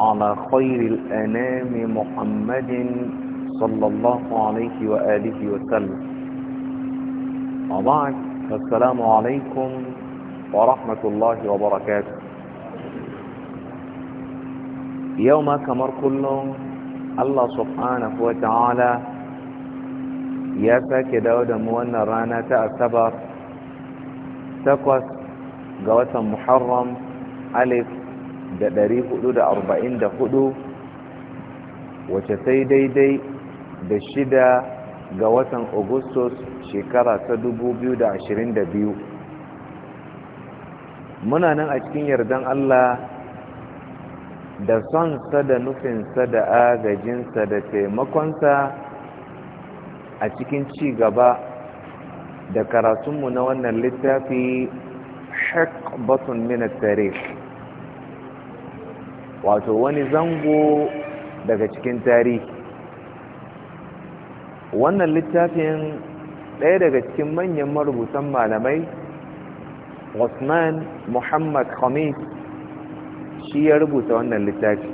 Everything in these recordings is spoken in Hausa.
على خير الأنام محمد صلى الله عليه وآله وسلم وبعد السلام عليكم ورحمة الله وبركاته يوم كمر كله الله سبحانه وتعالى يا sake dawo da mu wannan rana ta محرم ألف da ɗari hudu da arba'in da hudu wace sai daidai da shida ga watan augustus shekara ta dubu biyu da ashirin da biyu muna nan a cikin yardan allah da sonsa da nufinsa da agajinsa da taimakonsa a cikin ci gaba da karatunmu na wannan littafi shak batun minas wato wani zango daga cikin tarihi wannan littafin ɗaya daga cikin manyan marubutan malamai Usman Muhammad Khamis shi ya rubuta wannan littafi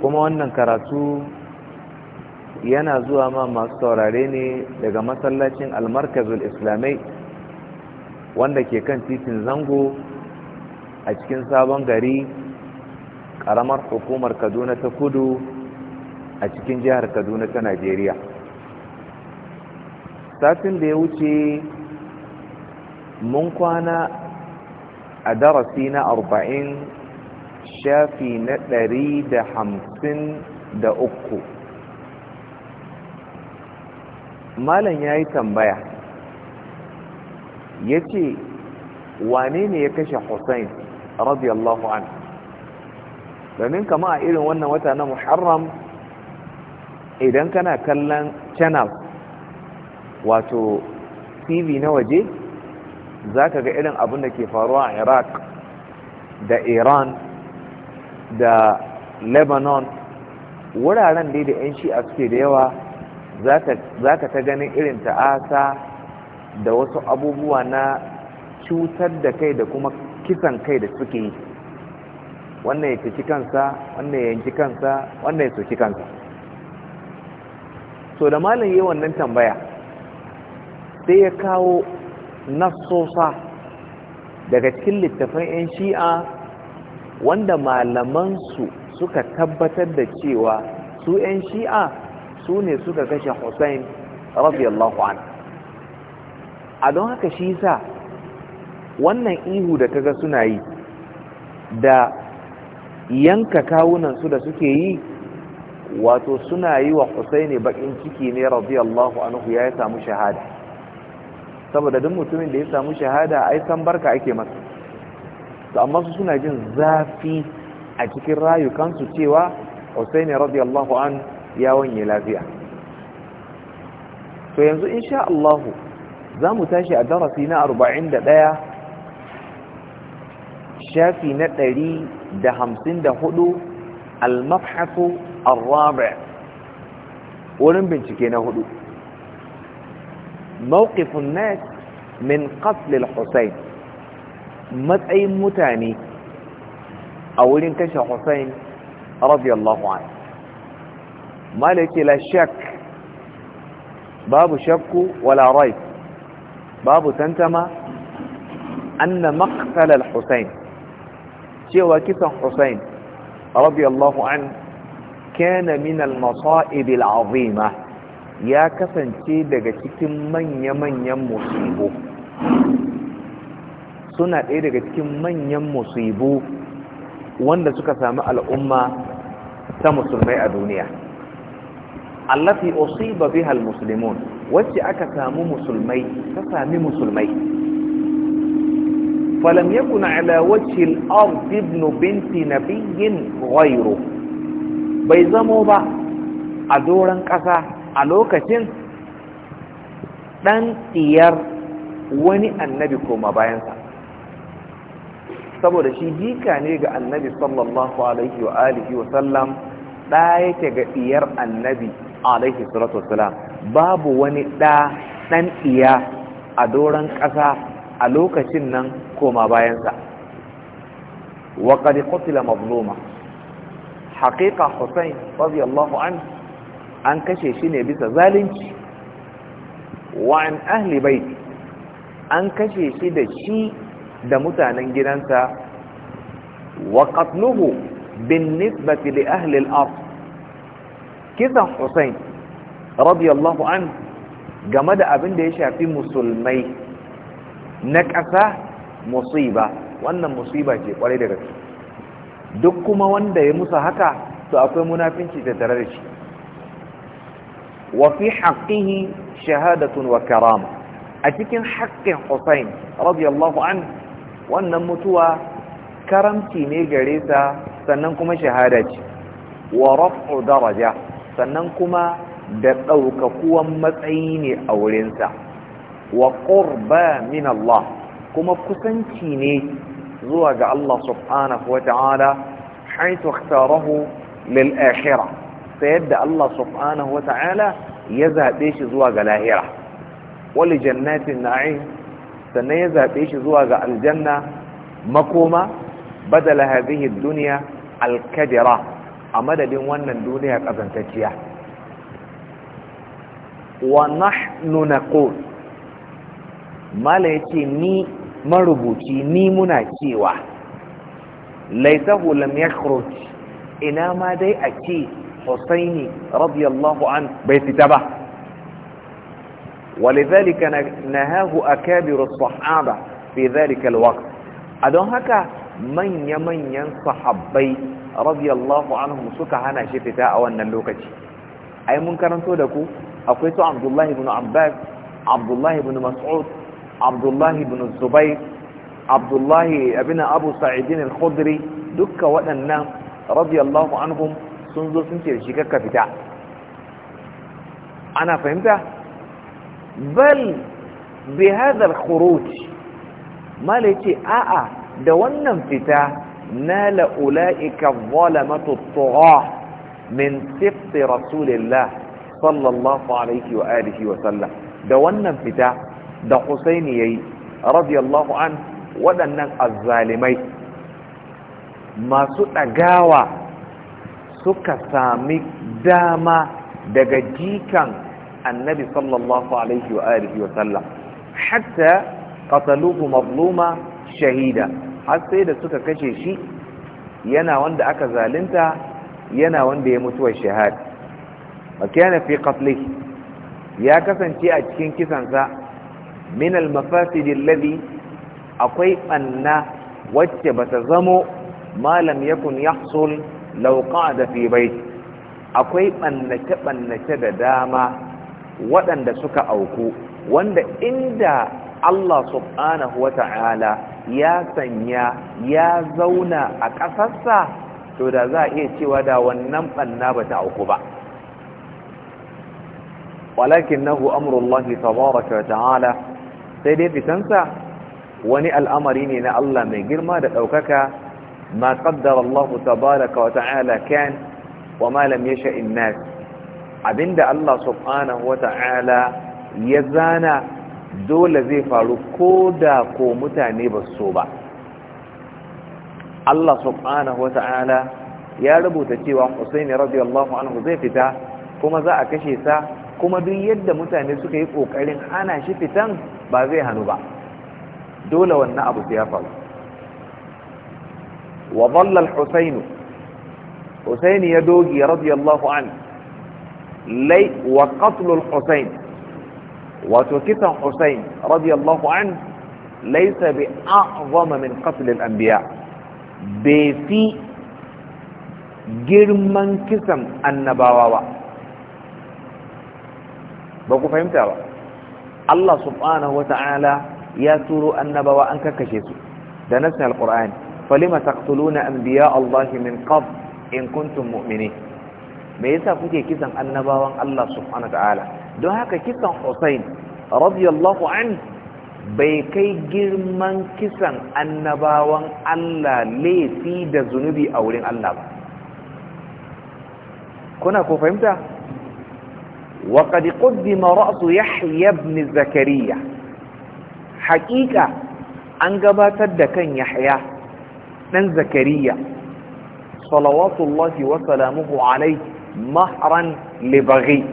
kuma wannan karatu yana zuwa ma masu saurare ne daga masallacin almarkazul islamai wanda ke kan titin zango a cikin sabon gari karamar hukumar kaduna ta kudu a cikin jihar kaduna ta najeriya satin da ya wuce mun kwana a darasi na arba'in shafi na ɗari da hamsin da uku malam ya yi tambaya ya ce wane ne ya kashe hussein radiyallahu anhu domin kama a irin wannan wata na muharram idan kana kallon channel wato tv na waje za ka ga irin abin da ke faruwa a iraq da iran da lebanon wuraren dai da 'yan shi'a suke da yawa za ka ta ganin irin ta'asa da wasu abubuwa na cutar da kai da kuma kisan kai da suke yi wannan ya ciki kansa wannan ya yanki kansa wannan ya soki kansa so da malin yi wannan tambaya sai ya kawo nasosa daga cikin littafan 'yan shi'a wanda malamansu suka tabbatar da cewa su 'yan shi'a su ne suka kashe hussain radiyallahu an a don haka shi sa wannan ihu da ga suna yi da yanka kawunan su da suke yi wato suna yi wa husaini bakin ciki ne radiyallahu anhu ya samu shahada saboda duk mutumin da ya samu shahada ai san barka ake masa to amma su suna jin zafi a cikin rayukansu cewa husaini radiyallahu an ya wanye lafiya to yanzu insha Allah za mu tashi a darasi na 41 shafi na ɗari da hamsin da hudu al-mabhasu al-rabi wurin bincike na hudu mawqifun nas min qatl al-husayn matsayin mutane a wurin kashe husayn radiyallahu anhu malaki la babu shakku wala raib babu tantama anna maqtal al-husayn cewa kisan Hussein radiyallahu an kana min al-masa'ib al-azima ya kasance daga cikin manya-manyan musibu suna ɗaya daga cikin manyan musibu wanda suka sami al'umma ta musulmai a duniya allafi usiba biha al-muslimun wacce aka samu musulmai ta sami musulmai al يكن على وجه الأرض ابن بنت نبي غيره بيزمو با أدورا كسا ألوكة ɗan ɗiyar wani annabi koma bayansa saboda shi jika ne ga annabi sallallahu alaihi wa alihi wa sallam ɗa yake ga ɗiyar annabi alaihi salatu wasalam babu wani ɗa ɗan ɗiya a doron ƙasa a lokacin nan koma bayansa wa qad qutila mazluma haqiqa husayn radiyallahu an an kashe shi ne bisa zalunci wa an ahli baiti an kashe shi da shi da mutanen gidansa wa qatluhu bin nisbati li ahli al-ard kisan husayn radiyallahu an game da abin da ya shafi musulmai na ƙasa musiba wannan musiba ce kwarai da gaske duk kuma wanda ya musa haka to akwai munafinci da tare da shi wa fi haqqihi shahadatun wa karama a cikin haƙƙin Hussein radiyallahu an wannan mutuwa karamci ne gare sa sannan kuma shahada ce wa raf'u daraja sannan kuma da ɗaukakuwan matsayi ne a wurinsa wa ƙurba min Allah kuma kusanci ne zuwa ga Allah subhanahu wa ta'ala haitu ikhtarahu lil akhirah yadda Allah subhanahu wa ta'ala ya zaɓe shi zuwa ga lahira wali jannatin na'im sannan ya zaɓe shi zuwa ga aljanna makoma badala hadhihi duniya alkadira, a madadin wannan duniya kazantacciya wa nahnu naqul mala yace ni marubuci ni muna cewa laisahu lam ya ina ma dai ake ce husaini radiyallahu an bai fita ba walidhalika na hagu a kabiru sahaba fi zarikal wak a don haka manya-manyan sahabbai radiyallahu an suka hana shi fita a wannan lokaci ai mun karanto da ku akwai su abdullahi bin abbas abdullahi bin mas'ud abdullahi ibn zubair abdullahi abin abu sa'idin al-khudri dukka waɗannan radiyallahu anhum sun zo sun ce da shi kakka fita ana fahimta bal bi hadha khuruj mala yace a'a da wannan fita nala ulaika zalamatu tugha min sift rasulillah sallallahu alaihi wa alihi wa sallam da wannan fita da husaini ya yi radiyallahu an waɗannan azzalimai masu ɗagawa suka sami dama daga jikan annabi sallallahu alaihi wa alihi wa sallam hatta qataluhu mazluma shahida har sai da suka kashe shi yana wanda aka zalunta yana wanda ya mutuwa shahada makana fi qatlihi ya kasance a cikin kisansa min al-mafasid akwai banna wacce bata zamo malam yakun yahsul lauka da fi akwai bannace bannace da dama waɗanda suka auku wanda inda Allah subhanahu Ta'ala ya sanya ya zauna a ƙasarsa to da za a iya cewa da wannan banna ba ta auku ba walakin nahu amurullahi tabaraka wa ta'ala sai dai fitansa wani al'amari ne na Allah mai girma da ɗaukaka ma qaddara Allah tabaraka wa kan wa malam lam yasha nas abinda Allah subhanahu ya zana dole zai faru ko da ko mutane ba so ba Allah subhanahu ya rubuta cewa Husaini radiyallahu anhu zai fita kuma za a kashe sa kuma duk yadda mutane suka yi ƙoƙarin hana shi fitan ba zai hannu ba dole wannan abu sai ya faru wa ya dogi radiyallahu an lai wa katlul Husain. wato kisan Husain radiyallahu an laysa bi a'zama min qatl al-anbiya bai fi girman kisan annabawa ba ba ku fahimta ba Allah subhanahu wata'ala ya turo annabawa an kakkashe su da nasin alqur'ani falima taqtuluna anbiya Allah min qabl in kuntum mu'minin me yasa kuke kisan annabawan Allah subhanahu wata'ala don haka kisan Hussein radiyallahu an bai kai girman kisan annabawan Allah laifi da zunubi a wurin Allah ba kuna ko fahimta وقد قدم رأس يحيى بن زكريا حقيقة أنقبات الدكان يحيى بن زكريا صلوات الله وسلامه عليه مهرا لبغي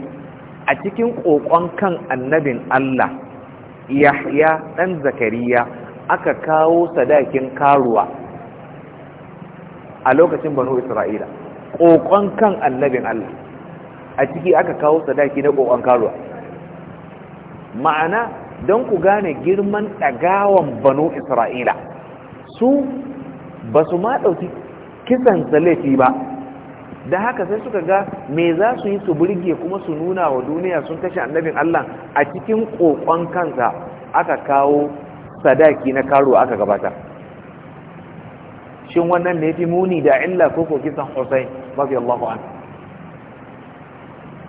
أتكين قوقان كان النبي الله يحيى بن زكريا aka kawo sadakin karuwa a lokacin banu isra'ila ƙoƙon kan annabin Allah a ciki aka kawo sadaki na ƙoƙon karuwa ma'ana don ku gane girman ɗagawan banu isra'ila su ba su ma ɗauki kisan salafi ba da haka sai suka ga me za su yi su burge kuma su nuna wa duniya sun kashe annabin allah a cikin ƙoƙon kansa aka kawo sadaki na karuwa aka gabata shin wannan ne fi muni da illa ko kisan hussein mafi allahu anhu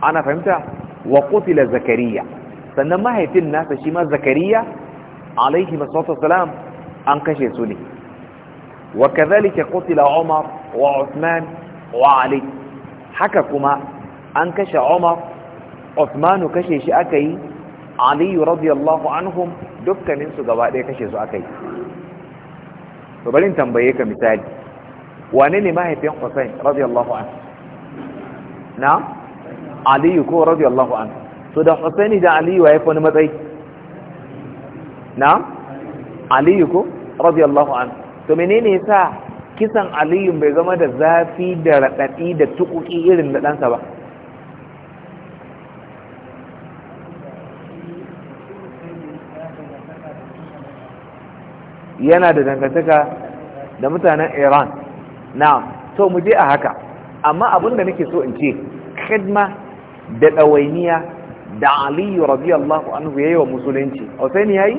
ana fahimta wa Kutila zakariya sannan mahaifin nasa shi ma zakariya alaihi salam an kashe su ne wa kadhalika Kutila umar wa Usman wa ali haka kuma an kashe umar uthman kashe shi akai ali radiyallahu anhum dukkanin su gaba ɗaya kashe su aka yi. bari tambaye ka misali wane ne mahaifin Hussein radiyallahu anhu na aliyu ko radiyallahu an so da husaini da aliyu ya fi wani matsayi na aliyu ko radiyallahu an to menene yasa kisan aliyu bai zama da zafi da raɗaɗi da tukuki irin da ɗansa ba yana da dangantaka da mutanen iran na to mu je a haka amma abinda nake so in ce khidma da ɗawainiya da aliyu radiyallahu anhu ya yi wa musulunci husaini ya yi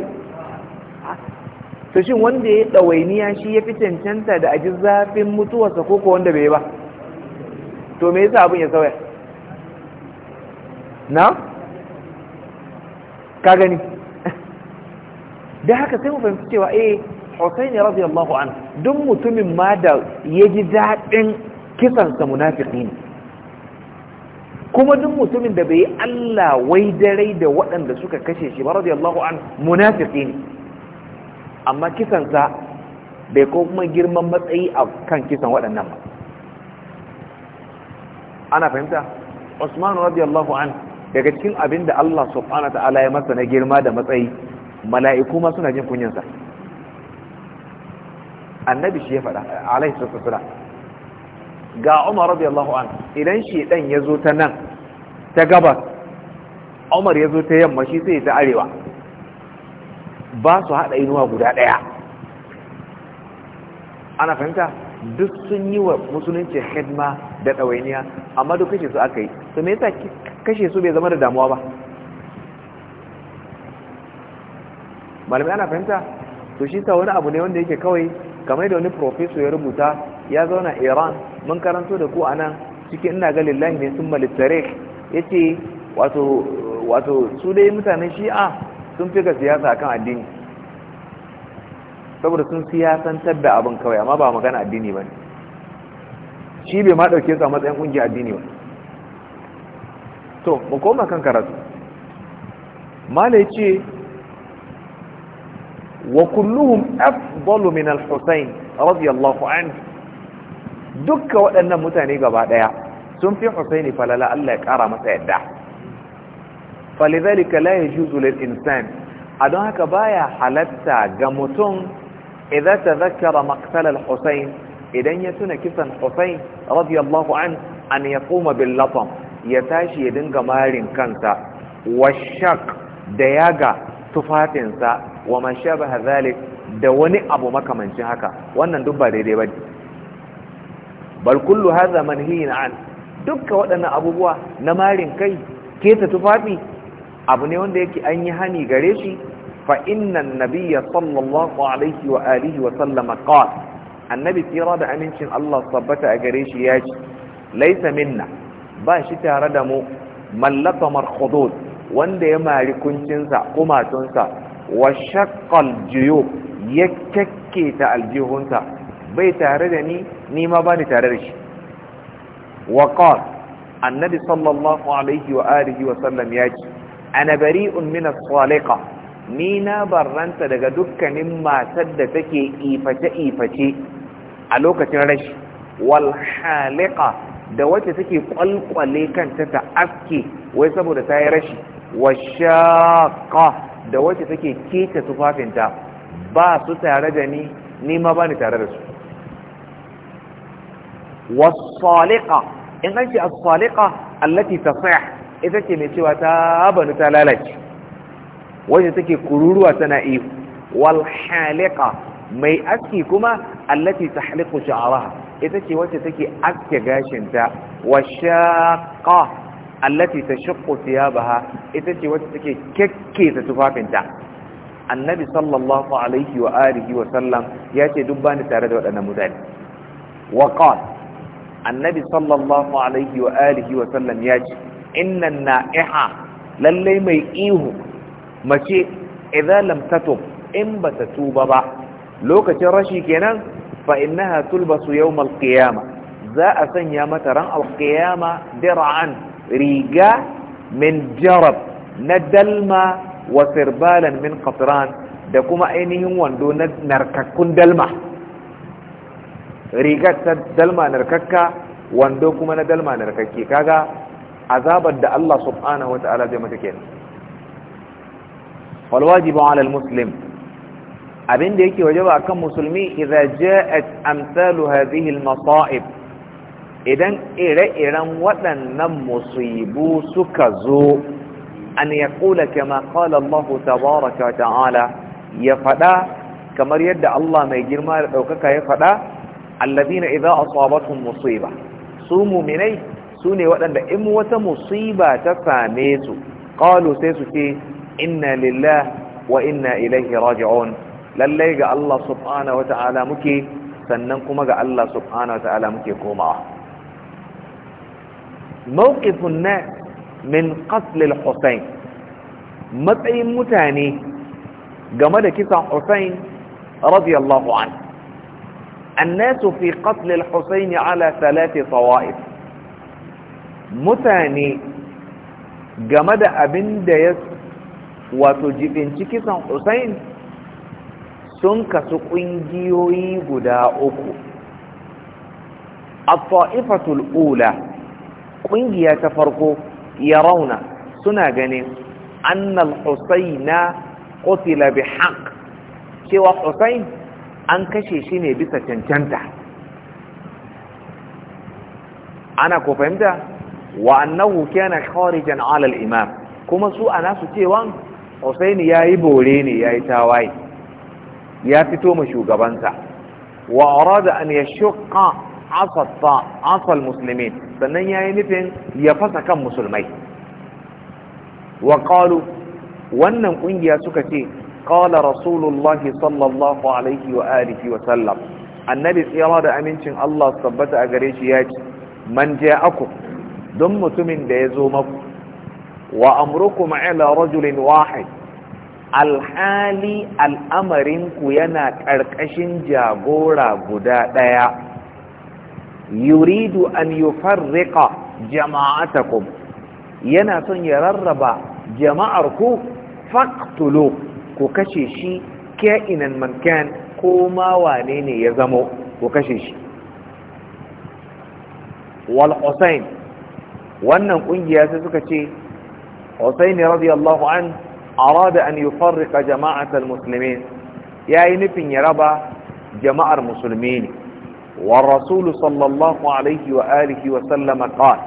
to shin wanda ya yi ɗawainiya shi ya fi cancanta da aji zafin mutuwarsa ko ko wanda bai ba to me yasa abin ya sauya na ka gani da haka sai mu fahimci cewa eh Husaini radiyallahu anhu duk mutumin ma da ya ji daɗin kisansa munafiki ne kuma duk mutumin da bai yi Allah wai dare da waɗanda suka kashe shi ba radiyallahu an munafiki ne amma kisansa bai ko kuma girman matsayi a kan kisan waɗannan ba ana fahimta Usman radiyallahu an daga cikin abin da Allah subhanahu ta'ala ya masa na girma da matsayi mala'iku ma suna jin kunyansa annabi shi ya faɗa alaihi ga Umar radiyallahu an idan shedan ya zo ta nan ta gabas Umar ya zo ta yamma shi sai ta arewa ba su hada inuwa guda daya ana fahimta duk sun yi wa musulunci hidima da ɗawainiya amma duk kashe su aka yi to me yasa kashe su bai zama da damuwa ba malamai ana fahimta to shi sa wani abu ne wanda yake kawai kamar da wani professor ya rubuta ya zauna iran mun karanto da ku a nan cikin ina ga lillahi ne sun malittare ya ce wato su dai mutanen shi'a sun fi ga siyasa akan addini saboda sun siyasantar da abin kawai amma ba magana addini ba ne shi bai ma ɗauke su a matsayin ƙungiyar addini ba to mu koma kan karatu mala ya ce وكلهم افضل من الحسين رضي الله عنه دك waɗannan mutane gaba ɗaya sun fi husaini fala la ya kara masa yadda falidhalika la yajuzu lil insan adon haka baya halarta ga mutum idza tadhakkara maqtal al husain idan ya tuna kisan husain radiyallahu an an ya bil latam ya tashi ya dinga marin kansa washaq da yaga tufafinsa wa mashaba shabaha zalik da wani abu makamancin haka wannan duk ba daidai bane bal kullu hadha manhiyin an dukkan waɗannan abubuwa na marin kai keta tufafi abu ne wanda yake an yi hani gare shi fa innan nabiyya sallallahu alaihi wa alihi wa sallama qala annabi tsira da amincin Allah tabbata a gare shi ya ce laisa minna ba shi tare da mu mallaka markhudud wanda ya mari kuncinsa kumatunsa wa shaqqal ya ta aljihunsa bai tare da ni ni ma ba ni tare da shi wa qal annabi sallallahu alaihi wa arihi wa sallam ya ce ana bari'un min as ni na barranta daga dukkanin matar da take iface iface a lokacin rashi Walhaliƙa da wacce take kwalkwale kanta ta aske wai saboda ta yi rashi Washaƙa da wacce take keta tufafinta ba su tare da ni Nima ba ni tare da su wasaliqa in an ce as-saliqa allati tasih ita ce mai cewa ta bani ta lalace wacce take kururuwa tana iyo walhaliƙa mai aski kuma allati tahliqu sha'raha ita ce wacce take aske gashinta washaƙa. allati tashaqqu thiyabaha ita ce wacce take kekkesa tufafinta annabi sallallahu alaihi wa alihi wa sallam ya ce duk bani tare da waɗannan mutane wa qala annabi sallallahu alaihi wa alihi wa sallam ya ce innan na'iha lalle mai ihu mace idan lam tatub in ba ta tuba ba lokacin rashi kenan fa innaha tulbasu yawm al-qiyama za a sanya mata ran al dir'an ريقا من جرب ندلما وسربالا من قطران ده كما اني يوان دو نرككون دلما ريقا دلما نرككا وان دو ندلما نرككي كاغا عذابا ده الله سبحانه وتعالى زي ما والواجب على المسلم أبين ديكي وجب أكم مسلمي إذا جاءت أمثال هذه المصائب idan ire-iren waɗannan musibu suka zo an ya kula kama kala Allah tabaraka ta'ala ya faɗa kamar yadda Allah mai girma da ɗaukaka ya faɗa allazina idza asabatun musiba su muminai su ne waɗanda in wata musiba ta same su qalu sai su ce inna lillah wa inna ilaihi raji'un lallai ga Allah subhanahu ta'ala muke sannan kuma ga Allah subhanahu ta'ala muke komawa موقف الناس من قتل الحسين متعي متاني جمال كسا حسين رضي الله عنه الناس في قتل الحسين على ثلاث طوائف متاني جمد أبن ديس وتجيبين كسا حسين سنك سقين جيوي قداؤكو الطائفة الأولى ƙungiya ta farko ya rauna suna ganin annal husaina qutila bi cewa husain an kashe shi ne bisa cancanta ana ko fahimta wa annahu kana kharijan ala al-imam kuma su ana su cewa husain yayi bore ne yayi tawaye ya fito ma shugabansa wa arada an yashqa asal musulmi sannan ya yi nufin ya fasa kan musulmai wa ƙalu wannan ƙungiya suka ce ƙala rasulullahi sallallahu alaihi wa alihi wa sallam annabi tsira da amincin Allah tabbata a gare shi ya ce man ja'akum don mutumin da ya zo maku wa amrukum ila rajulin wahid alhali al'amarinku yana ƙarƙashin jagora guda ɗaya yuridu an yufarriqa jama'atakum yana son ya rarraba jama'ar ku faqtulu ku kashe shi ka'inan man ko ma wanene ne ya zamo ku kashe shi wal husayn wannan ƙungiya sai suka ce husayn radiyallahu an arada an yufarriqa jama'atal ya yayi nufin ya raba jama'ar musulmi ne والرسول صلى الله عليه وآله وسلم قال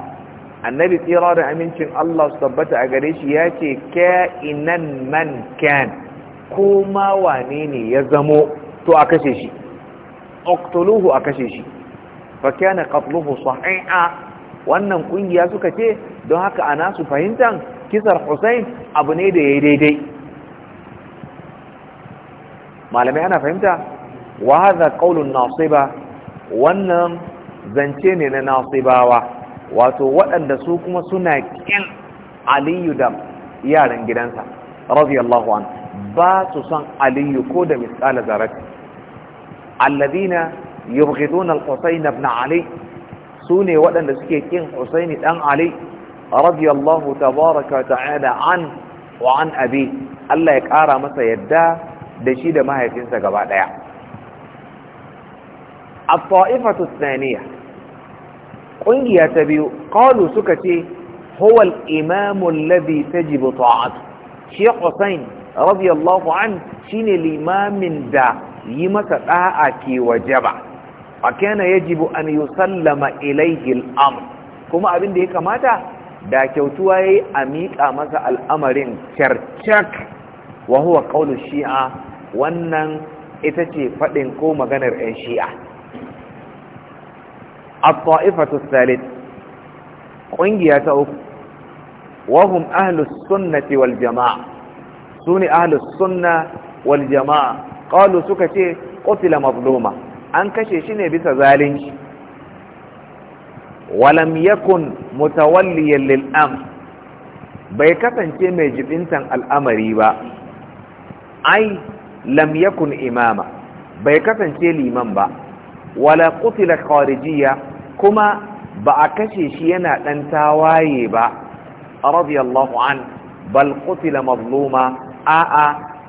النبي تيرار أمينشن الله سبت أغريش ياتي كائنا من كان كوما وانيني يزمو تو أكشيشي اقتلوه أكشيشي فكان قتله صحيحا wannan kungiya suka ce don haka ana su fahimtan kisar Hussein abu ne da yayi daidai malamai ana fahimta wa hadha qawlun nasiba wannan zance ne na nasibawa wato waɗanda su kuma suna ƙin aliyu da yaran gidansa radiyallahu an ba su son aliyu ko da misali zarafi alladina yubghiduna al-husayn ibn ali sune waɗanda suke ƙin husaini ɗan ali radiyallahu tabaraka ta'ala an wa an abi Allah ya ƙara masa yadda da shi da mahaifinsa gaba ɗaya الطائفة الثانية قنجي يتبيو قالوا سكتي هو الإمام الذي تجب طاعته شيخ حسين رضي الله عنه شين الإمام دا يمسا آآكي وجبع وكان يجب أن يسلم إليه الأمر كما أبن ديك ماتا دا كوتواي أميك أمسا الأمر شرشك وهو قول الشيعة wannan ita ce faɗin ko maganar 'yan shi'a الطائفة الثالث قنجية أخ وهم أهل السنة والجماعة سوني أهل السنة والجماعة قالوا سكتي قتل مظلومة أنكشي شني بس ذالنش ولم يكن متوليا للأمر بيكتن كمي جبنتن الأمر با أي لم يكن إماما بيكتن كي الإمام با ولا قتل خارجية kuma ba a kashe shi yana ɗan tawaye ba radiyallahu an bal qutila mazluma a'a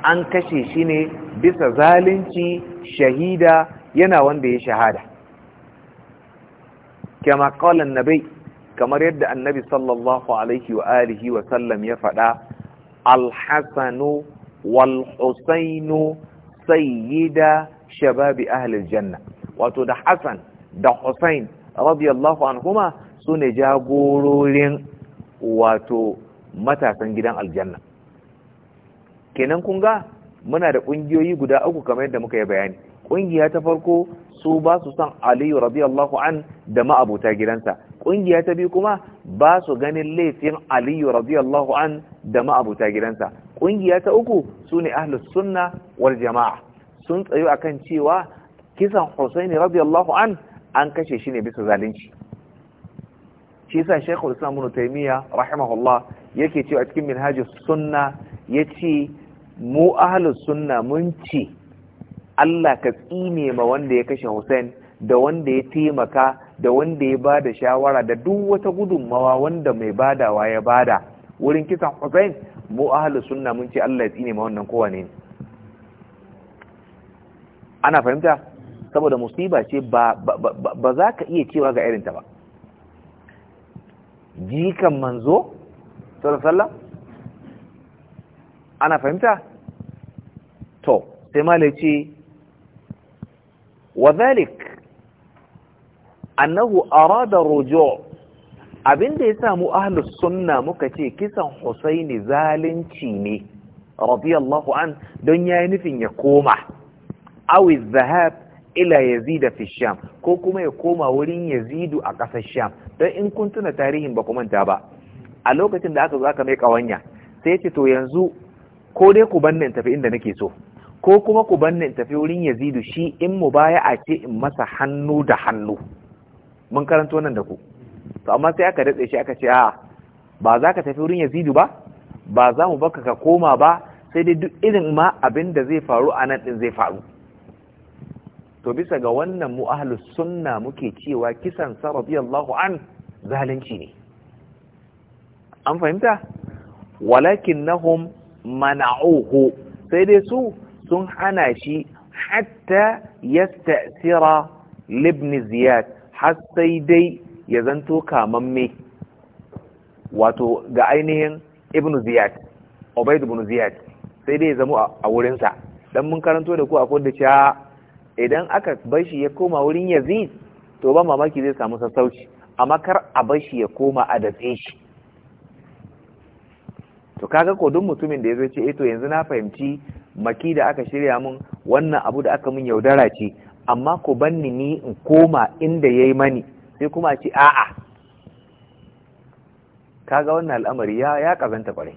an kashe shi ne bisa zalunci shahida yana wanda ya shahada kama qala annabi kamar yadda annabi sallallahu alaihi wa alihi wa sallam ya faɗa alhasanu wal husainu sayyida shababi ahli janna wato da hasan da husain radiyallahu anhuma su ne jagororin wato matasan gidan aljanna kenan kun ga muna da ƙungiyoyi guda uku kamar yadda muka yi bayani ƙungiya ta farko su ba su san aliyu radiyallahu an da ma'abuta gidansa ƙungiya ta biyu kuma ba su ganin laifin aliyu radiyallahu an da ma'abuta gidansa ƙungiya ta uku su ne ahlus sunna wal jama'a sun tsayo akan cewa kisan husaini radiyallahu an an kashe shi ne bisa zalunci shi yasa Sheikhul Islam Ibn Taymiyyah rahimahullah yake cewa cikin Minhajus Sunna yace mu ahlus sunna mun ce Allah ka tsine ma wanda ya kashe Hussain da wanda ya taimaka da wanda ya bada shawara da duk wata gudunmawa wanda mai badawa ya bada wurin kisan Hussein mu ahlus sunna mun ce Allah ya tsine ma wannan kowane ana fahimta saboda musiba ce ba za ka iya cewa ga irinta ba jikan manzo sallallahu ana fahimta to sai malai ce وذلك Annahu أراد الرجوع abinda ya samu ahlus sunna muka ce kisan Husaini zalunci ne radiyallahu an don yayi nufin ya koma awi zahab ila yazida fi sham ko kuma ya koma wurin yazidu a kasar sham don in kun tuna tarihin ba ku manta ba a lokacin da aka zo aka mai kawanya sai ce to yanzu ko dai ku banne in tafi inda nake so ko kuma ku banne in tafi wurin yazidu shi in mu baya a ce in masa hannu da hannu mun karanto nan da ku to amma sai aka datse shi aka ce a'a ba za ka tafi wurin yazidu ba ba za mu baka ka koma ba sai dai duk irin ma abin da zai faru a nan din zai faru to bisa ga wannan mu ahlus sunna muke cewa kisan sa radiyallahu an zalunci ne an fahimta walakinnahum mana'uhu sai dai su sun hana shi hatta yasta'sira libni ziyad har sai dai ya zanto kamamme wato ga ainihin ibnu ziyad ubaid ibn ziyad sai dai ya zamo a wurinsa dan mun karanto da ku akwai da cewa idan aka bar shi ya koma wurin yazid to ba mamaki zai samu sassauci amma kar a bar shi ya koma a datse shi to kaga ko duk mutumin da ya zo ce eh to yanzu na fahimci maki da aka shirya mun wannan abu da aka mun yaudara ce amma ko banni ni in koma inda yayi mani sai kuma ce a'a kaga wannan al'amari ya ya kazanta kwarai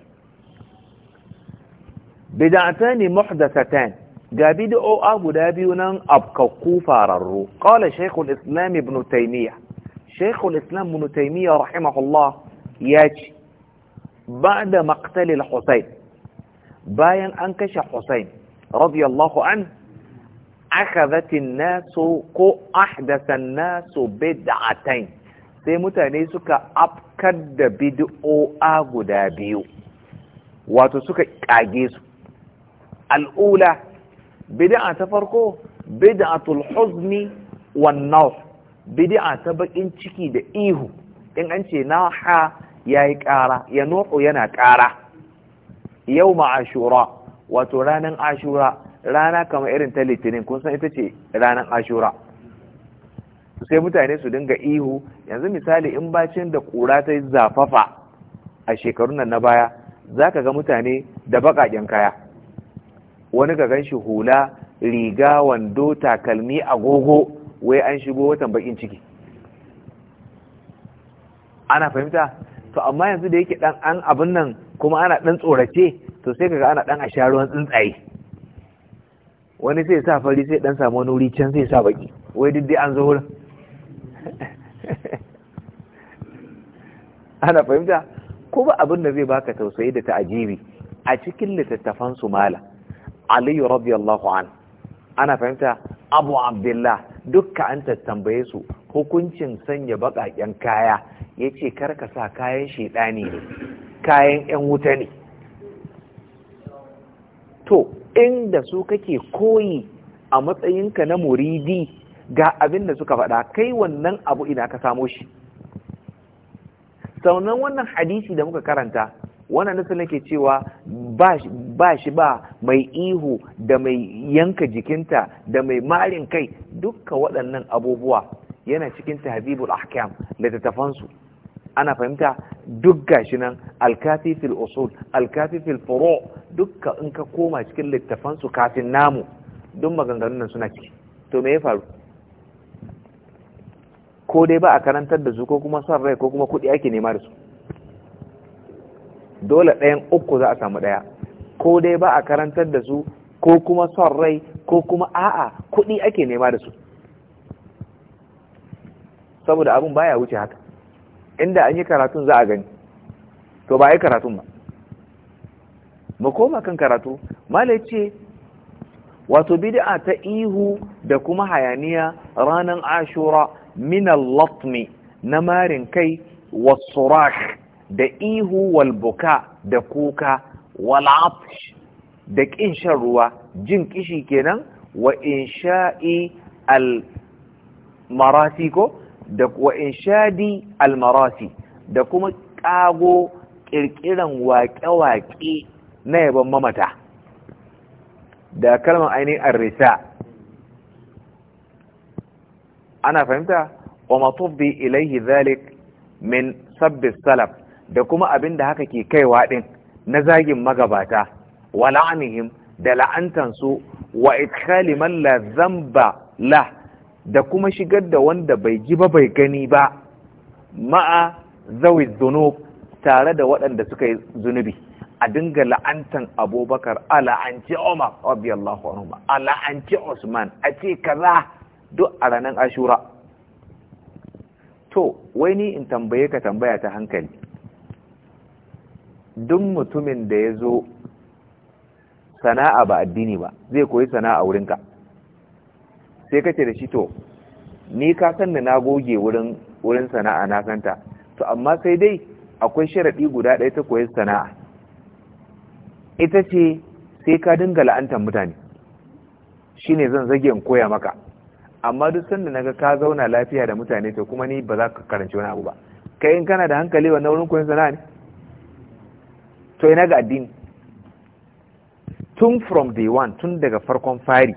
bidatani muhdathatan ga bid'o'a guda biyu nan afkakku fararru qala shaykhul islam ibn taymiyah shaykhul islam ibn taymiyah rahimahullah yace ba'da maqtal al-husayn bayan an kashe husayn radiyallahu an akhadhat an-nas ko ahdatha an-nas bid'atayn sai mutane suka afkar da bid'o'a guda biyu wato suka kage su al'ula bid'a ta farko bid'atul huzni wan nawf bid'a ta bakin ciki da ihu in an ce naha yayi ƙara ya nuhu yana ƙara yawma ashura wato ranan ashura rana kamar irin ta litinin kun san ita ce ranan ashura sai mutane su dinga ihu yanzu misali in bacin da ƙura ta yi zafafa a shekarun nan na baya za ka ga mutane da baƙaƙen kaya wani ka ganshi hula riga wando takalmi agogo wai an shigo watan bakin ciki ana fahimta to amma yanzu da yake dan an abin nan kuma ana dan tsorace to sai kaga ana dan a sha ruwan tsuntsaye wani sai sa fari sai dan samu nuri can sai sa baki wai duk dai an zo wurin ana fahimta kuma abin da zai baka tausayi da ta'ajibi a cikin littattafan su mala Aliyu radiyallahu an ana fahimta Abu Abdullah dukka an tambaye su hukuncin sanya baƙaƙen kaya yace ka sa kayan shedani ne kayan ƴan wuta ne to inda su kake koyi a matsayinka na muridi ga abin da suka faɗa kai wannan abu ina ka samo shi sannan wannan hadisi da muka karanta wannan nasa nake cewa ba shi ba mai ihu da mai yanka jikinta da mai marin kai duka waɗannan abubuwa yana cikin tahzibul ahkam littattafansu ana fahimta duk gashi nan alkafi fil usul alkafi fil furu dukka in ka koma cikin littafansu kafin namu duk maganganun nan suna ciki to me ya faru ko dai ba a karantar da su ko kuma son rai ko kuma kuɗi ake nema da su dole ɗayan uku za a samu ɗaya ko dai ba a karantar da su ko kuma son rai ko kuma a'a kuɗi ake nema da su saboda abin baya wuce haka inda an yi karatun za a gani to ba a yi karatun ba mu koma kan karatu malai ce wato bid'a ta ihu da kuma hayaniya ranar ashura min latmi na marin kai wasu da ihu wal buka da kuka wal da kin shan ruwa jin kishi kenan wa al marasi ko da wa al marasi da kuma ƙago ƙirƙiran waƙe-waƙe na yaban mamata da kalmar ainihin arrisa ana fahimta wa matubbi ilaihi zalik min sabbi salaf da kuma abin da haka ke kaiwa ɗin na zagin magabata wa la'anihim da la'antansu wa idkhali man la zamba la da kuma shigar da wanda bai ji ba bai gani ba ma'a zawi zunub tare da waɗanda suka yi zunubi a dinga la'antan abubakar a la'anci umar anhu a la'anci usman a ce kaza duk a ranar ashura to wai ni in tambaye ka tambaya ta hankali duk mutumin da ya zo sana'a ba addini ba zai koyi sana'a wurinka sai kace da shi to ni ka san da na goge wurin wurin sana'a na santa to amma sai dai akwai sharadi guda ɗaya ta koyi sana'a ita ce sai ka dinga la'antar mutane shine zan zage in koya maka amma duk sanda naga ka zauna lafiya da mutane to kuma ni ba za ka karanci wani abu ba kai in kana da hankali wannan wurin koyon sana'a ne to ga addini tun from day one tun daga farkon fari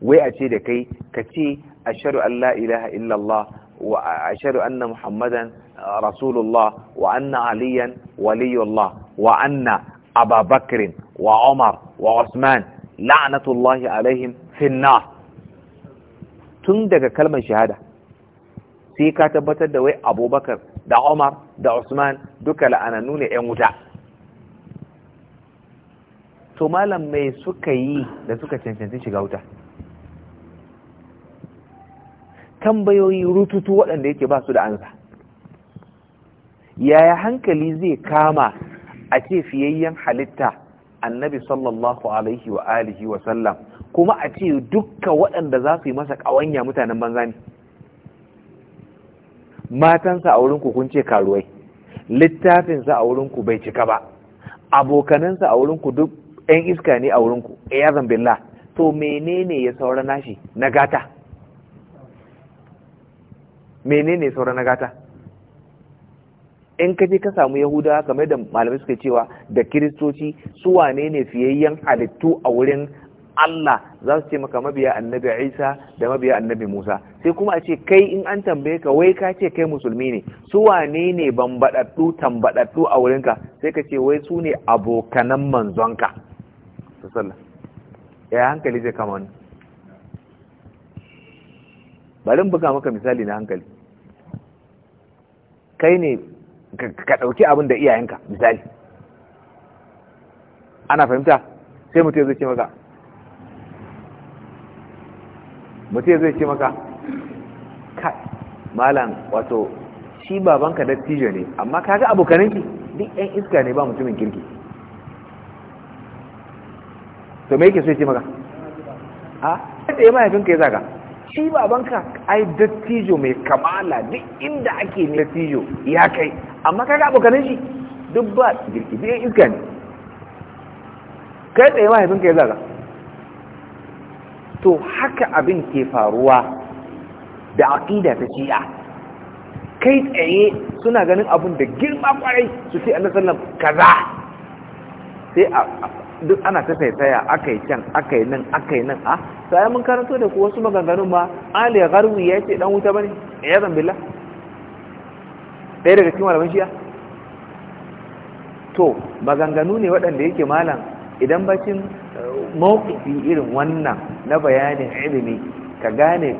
wai a ce da kai ka ce ashhadu an la ilaha illallah wa ashhadu anna muhammadan uh, rasulullah wa anna aliyan waliyullah wa anna ababakirin wa umar wa usman la'natullahi alaihim finna tun daga kalmar shahada sai ka tabbatar da wai abubakar da umar da usman duka la'ananu ne yan wuta to malam mai suka yi da suka cancanci shiga wuta tambayoyi rututu waɗanda yake ba su da ansa yaya hankali zai kama a ce fiyayyen halitta annabi sallallahu alaihi wa alihi wa sallam kuma a ce dukka waɗanda za su yi masa ƙawanya mutanen banza ne matansa a wurinku kun ce karuwai littafinsa a wurinku bai cika ba abokanansa a wurinku duk 'yan iska ne a wurinku eh, ya zambilla to menene ya saura nashi na gata menene saura na gata in ka je ka samu yahudawa kamar da malamai suka cewa da kiristoci su wane ne fiyayyen halittu a wurin Allah za su ce maka mabiya annabi Isa da mabiya annabi Musa sai kuma a ce kai in an tambaye ka wai ka ce kai musulmi ne su wane ne bambaɗaɗɗu a wurinka sai ka ce wai su ne abokanan manzonka ta sallah ya hankali zai kama wani bari buga maka misali na hankali kai ne ka ɗauki abin da iyayenka misali ana fahimta sai mutum zai ce maka mutum zai ce maka kai malam wato shi babanka dattijo ne amma kaga abokaninki, duk 'yan iska ne ba mutumin kirki to me yake so ya ce maka a yadda ya mahaifinka ya zaga shi babanka ai dattijo mai kamala duk inda ake ne dattijo ya kai amma kaga abokanin shi duk ba girki duk iska ne kai tsaye mahaifinka ya zaga to haka abin ke faruwa da aƙida ta shi'a kai tsaye suna ganin abin da girma kwarai su ce a nasarar kaza sai duk ana ta taitaya aka yi can aka yi nan aka yi nan a ah, sayan mun karanto da ku wasu maganganun ma ali garwi ya ce dan wuta bane ya zan billah ɗaya daga cikin malaman shiya to maganganu ne waɗanda yake malam idan bacin eh, mawukifi irin wannan na bayanin ilimi ka gane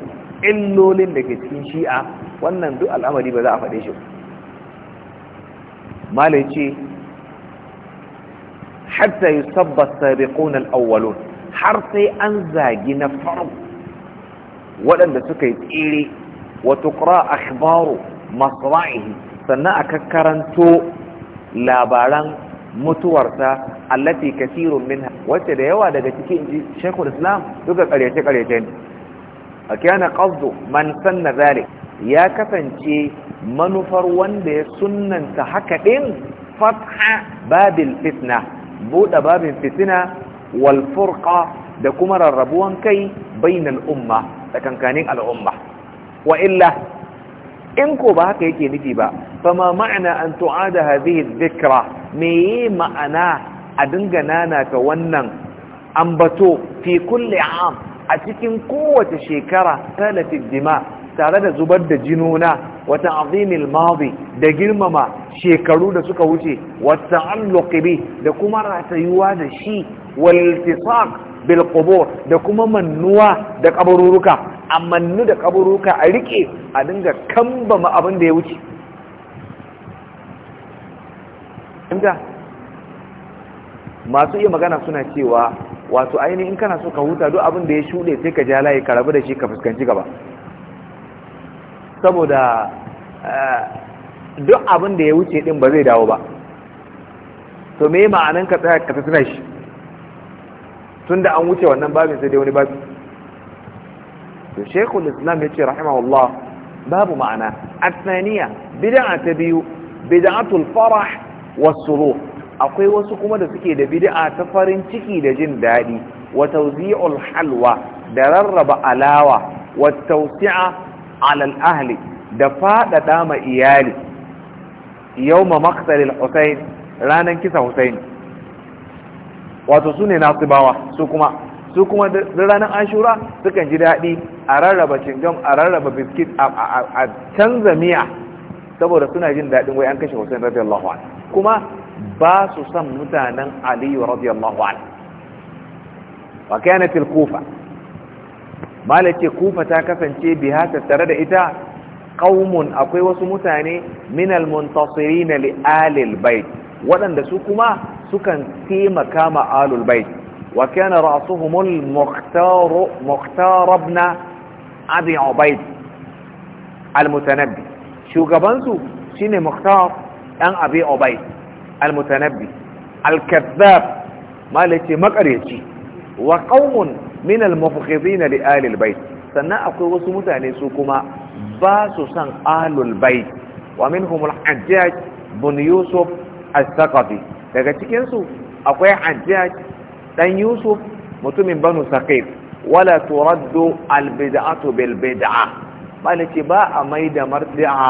illolin da ke cikin shi'a wannan duk al'amari ba za a faɗe shi malai ce hatta yi as-sabiqun al-awwalun har sai an zagi na farko waɗanda suka yi tsere wa tuqra akhbaru masra'ihi sannan aka karanto labaran mutuwarsa allati Kasiru minha wacce da yawa daga cikin Sheikhul Islam duka ƙaryace ƙaryace ne akana qasdu man sanna zalik ya kasance manufar wanda ya sunnanta haka ɗin fatha babil fitna buɗe babin fitina wal furqa da kuma rarrabuwan kai bainal umma kankanin al'umma wa illa in ko ba haka yake nufi ba fama ma'ana an tu'ada hadhihi dhikra me ma'ana a dinga nanata wannan ambato fi kulli am a cikin kowace shekara talatin dima tare da zubar da jinona wata azimil madi da girmama shekaru da suka wuce wata alluqibi da kuma ratayuwa da shi waltisaq bil qubur da kuma mannuwa da kabaruruka a mannu da kabaruruka a rike a dinga kambama abin da ya wuce masu iya magana suna cewa wato ainihin kana so ka huta duk abin da ya shuɗe sai ka ja layi ka da shi ka fuskanci gaba saboda eh, duk abin da ya wuce din ba zai dawo ba to me ma'anan ka tsaya ka tuna shi tunda an wuce wannan babin sai dai wani babi to shekul islam ya ce rahimahullah babu ma'ana Atnaniya bid'a ta biyu bid'atul farah wasuru akwai wasu kuma da suke da bid'a ta farin ciki da jin dadi wa tawzi'ul halwa da rarraba alawa wa tawsi'a alal ahli da faɗaɗa ma iyali yau ma maktalil husain ranar kisa husaini wato su ne nasibawa su kuma su kuma ranar ashura sukan ji daɗi a rarraba cingam a rarraba biskit a canza miya saboda suna jin daɗin wai an kashe husain radiyallahu anhu kuma ba su san mutanen aliyu radiyallahu anhu wa kanatil kufa mala ce kufa ta kasance biha tare da ita qaumun akwai wasu mutane minal muntasirin li alil bait wadanda su kuma sukan tema kama alul bait wa kana ra'suhum al mukhtar mukhtar ibn abi ubayd al mutanabbi shugaban su shine mukhtar dan abi ubayd al mutanabbi al kadhab mala ce makareci wa qaumun min al-mufkhidin li ahli al-bait sannan akwai wasu mutane su kuma ba su san ahlul bait wa minhum al-hajjaj bin yusuf al daga cikin su akwai hajjaj dan yusuf mutumin banu saqif wala turaddu al-bid'atu bil bid'a malaki ba a maida mardi'a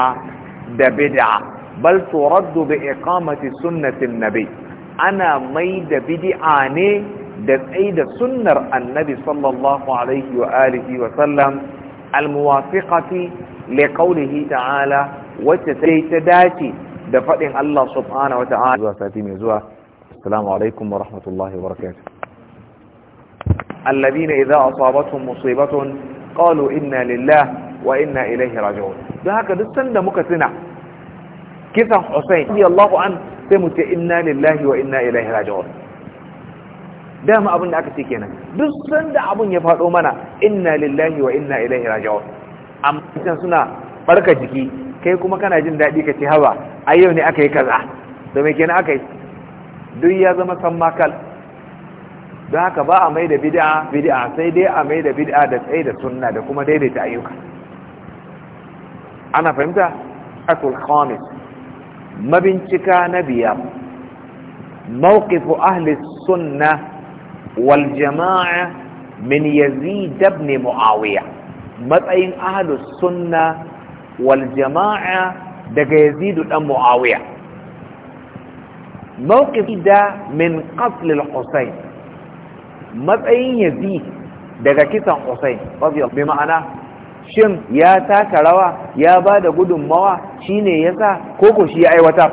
da bid'a bal turaddu bi iqamati sunnati an-nabi ana maida bid'a ne da tsaida sunnar annabi sallallahu alaihi wa alihi wa sallam almuwafiqati liqaulihi ta'ala wacce sai ta dace da fadin Allah subhanahu wa ta'ala zuwa sati mai zuwa assalamu alaikum wa rahmatullahi wa barakatuh alladhina idza asabatuhum musibatun qalu inna lillahi wa inna ilaihi raji'un don haka duk sanda muka tuna kisan Hussein radiyallahu an sai mu ce inna lillahi wa inna ilaihi raji'un dama abin da aka ce kenan duk sanda abin ya faɗo mana inna lillahi wa inna ilaihi raji'un amma suna barka jiki kai kuma kana jin daɗi ka ce haba ai yau ne aka yi kaza da mai kenan aka yi duk ya zama san makal don haka ba a mai da bid'a bid'a sai dai a mai da bid'a da tsaye da sunna da kuma daidaita ayyuka ana fahimta akul khamis mabincika na biyar mawqifu ahli sunnah wal jama'a min yazid ibn muawiya matsayin ahlus sunna waljama'a daga yazid dan muawiya mawqifi da min qatl al-husayn matsayin yazid daga kisan husayn radiyallahu bi ma'ana shin ya taka rawa ya ba da gudunmawa shine yasa ko sa shi ya aiwata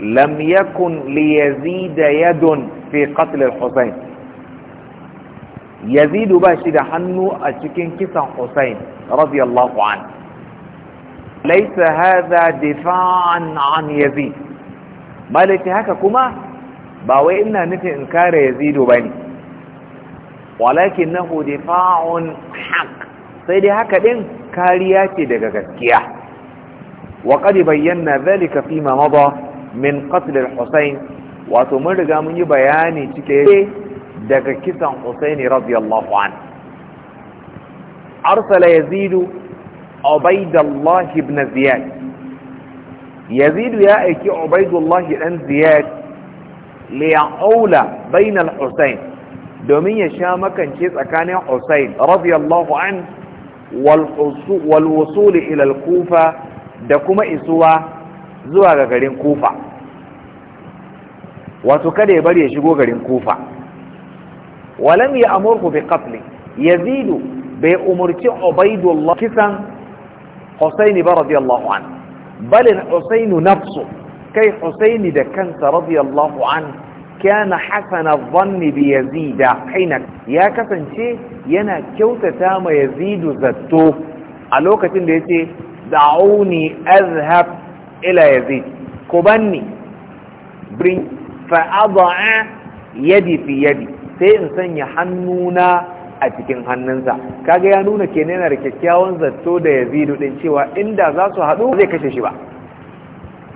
lam yakun liyazida yadun في قتل الحسين يزيد باشد حنو أشكين كسا حسين رضي الله عنه ليس هذا دفاعا عن يزيد مالك هكا كما باوئنا نفي إنكار يزيد بني ولكنه دفاع حق سيدي هكا دين كارياتي دقاقتكيا وقد بينا ذلك فيما مضى من قتل الحسين wato mun riga mun yi bayani cike daga kisan Husaini radiyallahu an arsala yazidu Ubaidullah ibn Ziyad yazidu ya aiki Ubaidullah dan Ziyad li ya'ula bain al-Husayn domin ya sha makance tsakanin Husayn radiyallahu an wal wusul ila al-Kufa da kuma isuwa zuwa ga garin Kufa wato kada ya bari ya shigo garin kufa walam ya amurku bi qatli yazidu bai umurci ubaidullah kisan husaini ba radiyallahu an bal husainu nafsu kai husaini da kansa radiyallahu an kana hasana dhanni bi yazida haina ya kasance yana kyautata ma yazidu zatto a lokacin da yace da'uni azhab ila yazid kubanni bring fa'ada'a yadi fi yadi sai in sanya hannuna a cikin hannunsa kaga ya nuna kenan yana da kyakkyawan zato da yazidu din cewa inda za su haɗu zai kashe shi ba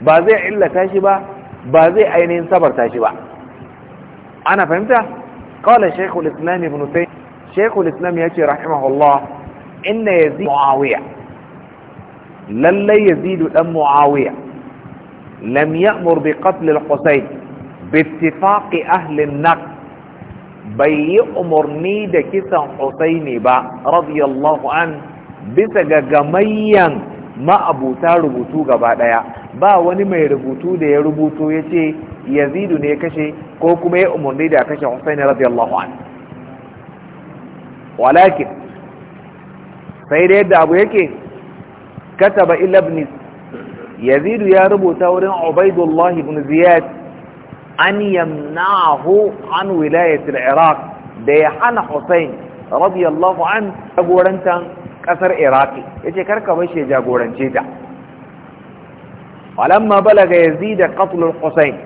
ba zai illata shi ba ba zai ainihin sabarta shi ba ana fahimta qala shaykhul islam ibn tayyib shaykhul islam yace rahimahullah inna yazid muawiya lallai yazidu ɗan muawiya lam ya'mur bi qatl al-husayn bittifaqi ahlin naq bai yi umarni da kisan husaini ba radiyallahu an bisa ga gamayyan ma'abuta rubutu gabaɗaya ba wani mai rubutu da ya rubuto ya ce yazidu ne kashe ko kuma ya umarni da kashe husaini radiyallahu an walakin sai da yadda abu yake kataba ilabni yazidu ya rubuta wurin ubaidullahi ibn ziyad an yamna'ahu an wilayatul iraq da ya hana hussein radiyallahu an jagorantan kasar iraki yace karka bashi ya jagorance ta walamma balaga yazid qatl al-husayn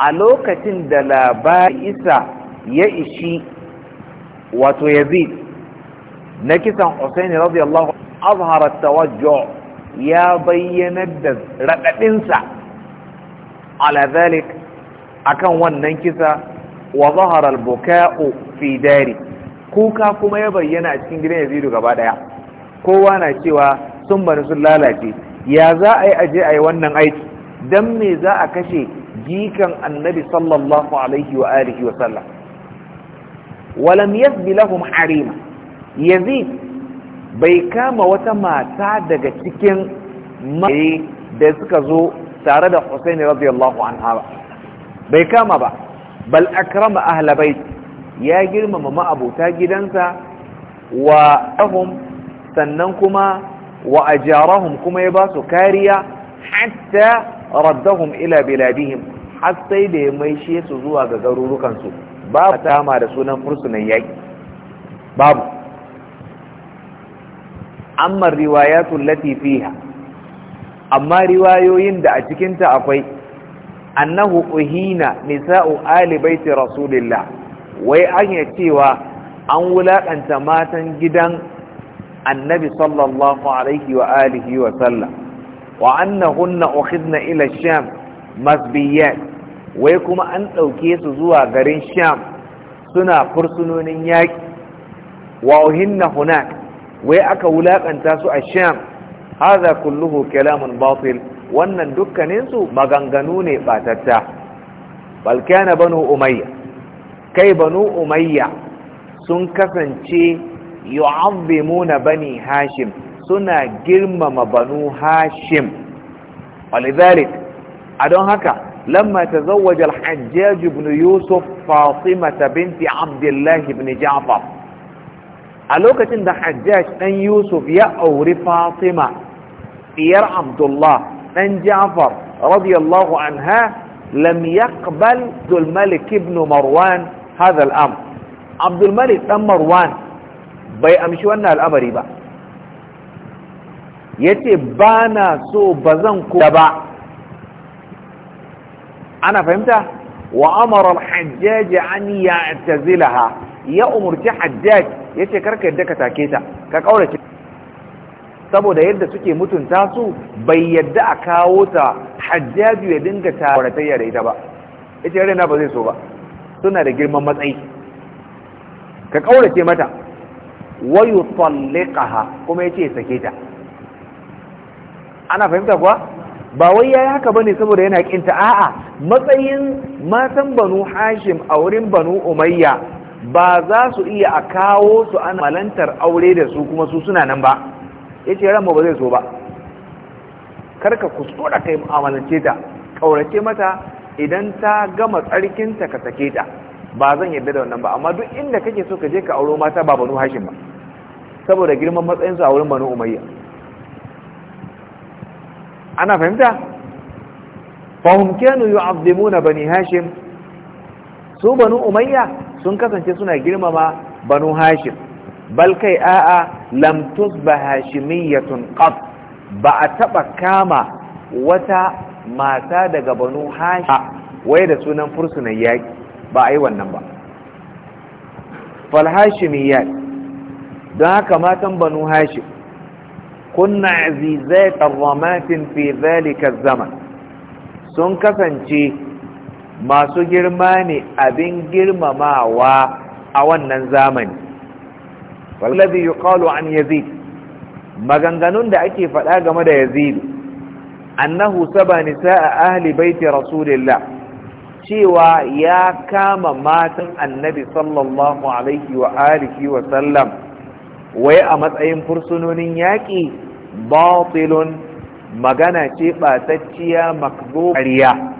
a lokacin da labari isa ya ishi wato yazid na kisan husayn radiyallahu azhara tawajju ya bayyana da radadinsa ala zalik akan wannan kisa wa zahara al-buka'u fi dari kuka kuma ya bayyana a cikin gidan Yazidu gaba daya kowa na cewa sun bari sun lalace ya za a yi aje a yi wannan aiki dan me za a kashe jikan annabi sallallahu alaihi wa alihi wa sallam walam yasbi lahum harima yazid bai kama wata mata daga cikin mai da suka zo tare da Husaini radiyallahu anha ba bai kama ba bal akrama ahla bait ya girmama ma'abuta gidansa wa ahum sannan kuma wa ajarahum kuma ya ba su kariya hatta raddahum ila biladihim har sai da ya maishe su zuwa ga garurukansu babu tama da sunan fursunan yaki babu amma riwayatul lati amma riwayoyin da a cikinta akwai annahu uhina nisa'u ali baiti rasulillah wai an ya cewa an wulakanta matan gidan annabi sallallahu alaihi wa alihi wa sallam wa annahunna ukhidna ila sham masbiyat wai kuma an ɗauke su zuwa garin sham suna fursunonin yaƙi, wa uhinna hunak wai aka wulakanta su a sham haza kulluhu kalamun batil wannan dukkaninsu maganganu ne batatta balkana banu umayya kai banu umayya sun kasance yu'azzimuna bani hashim suna girmama banu hashim walidhalik don haka lamma tazawwaja al-hajjaj ibn yusuf fatimata binti abdullah ibn ja'far a lokacin da hajjaj ɗan yusuf ya auri fatima ɗiyar abdullah ɗan jafar radiyallahu anha lam yaqbal dulmalik ibn marwan hadha al'am abdulmalik ɗan marwan bai amshi wannan al'amari ba yace ba na so ba zan kuda ba ana fahimta wa amara al-hajjaj an ya'tazilaha ya umurci hajjaj yace karka yadda ka take ta ka kaurace saboda yadda suke mutunta su bai yadda a kawo ta hajjaju ya dinga tawaratayya da ita ba Ya ce raina ba zai so ba suna da girman matsayi ka ƙaurace mata wayu talliqaha kuma ya yace sake ta ana fahimta kuwa ba wai ya yi haka ba ne saboda yana kinta a'a matsayin matan banu hashim a wurin banu umayya ba za su iya a kawo su ana malantar aure da su kuma su suna nan ba ya ce ranmu ba zai so ba karka kuskura kai amalance ta ƙaurace mata idan ta gama tsarkinta ka sake ta ba zan yarda da wannan ba amma duk inda kake so ka je ka auro mata ba banu hashin ba saboda girman matsayinsu a wurin banu umayya ana fahimta yi abdimu na bani hashin? su banu umayya sun kasance suna girmama banu hashim bal kai a'a lam tusba hashimiyatun qat ba a taba kama wata mata daga banu hashim waye da sunan fursunan yaki ba a yi wannan ba fal hashimiyat don haka matan banu hashim kunna azizat ar-ramatin fi dhalika zaman sun kasance masu girma ne abin girmamawa a wannan zamani wallazi yuqalu an yazid maganganun da ake faɗa game da yazid annahu saba nisaa ahli baiti rasulillah cewa ya kama matan annabi sallallahu alaihi wa alihi wa sallam wai a matsayin fursunonin yaƙi batilun magana ce ɓatacciya makbo ƙarya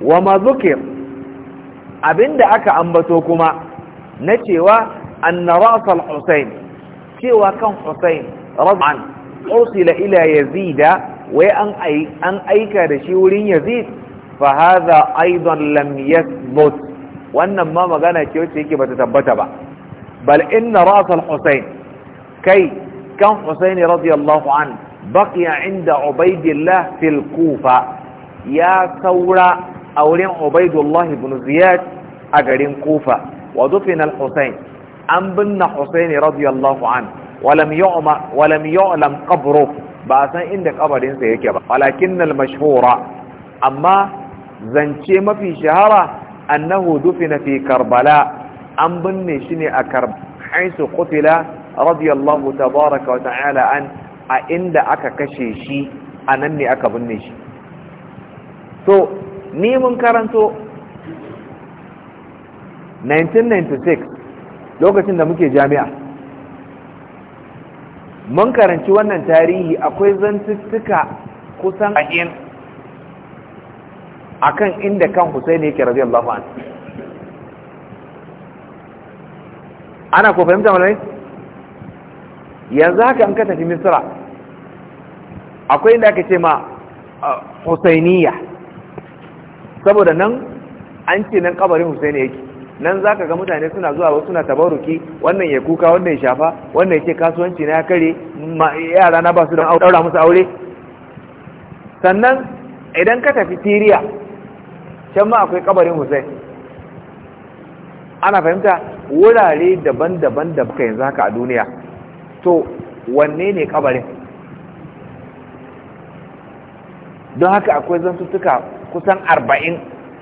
wa ma zukir abinda aka ambato kuma na cewa anna ra'sal husayn cewa kan husayn rad'an ursila ila yazida wai an ai an aika da shi wurin yazid fa hadha aidan lam yathbut wannan ma magana ce wacce yake bata tabbata ba bal inna ra'sal husayn kai kan husayn radiyallahu an baqiya inda ubaydillah fil kufa ya saura a wurin Ubaidullah bin Ziyad a garin Kufa wa dufina al-Husayn an binna Husayn radiyallahu an walam yu'ma yu'lam qabru ba san inda kabarin sa yake ba walakin al-mashhura amma zance mafi shahara annahu dufina fi Karbala an binne shi ne a Karbala haisu qutila radiyallahu tabaraka wa ta'ala an a inda aka kashe shi a nan ne aka binne shi so ni mun karanto 1996 lokacin da muke jami'a mun karanci wannan tarihi akwai zantuttuka kusan a kan inda kan Husaini yake allahu an ana ko fahimta malai yanzu haka an ka tafi misra akwai inda aka ce ma uh, husainiya saboda nan an ce nan kabarin Husaini yake nan zaka ga mutane suna zuwa wasu suna tabaruki wannan ya kuka wannan ya shafa wannan yake kasuwanci na ya kare yara na ba su don daura musu aure sannan idan ka tafi Syria can ma akwai kabarin Hussein ana fahimta wurare daban-daban da kai yanzu haka a duniya to wanne ne kabarin don haka akwai zantuttuka kusan arba'in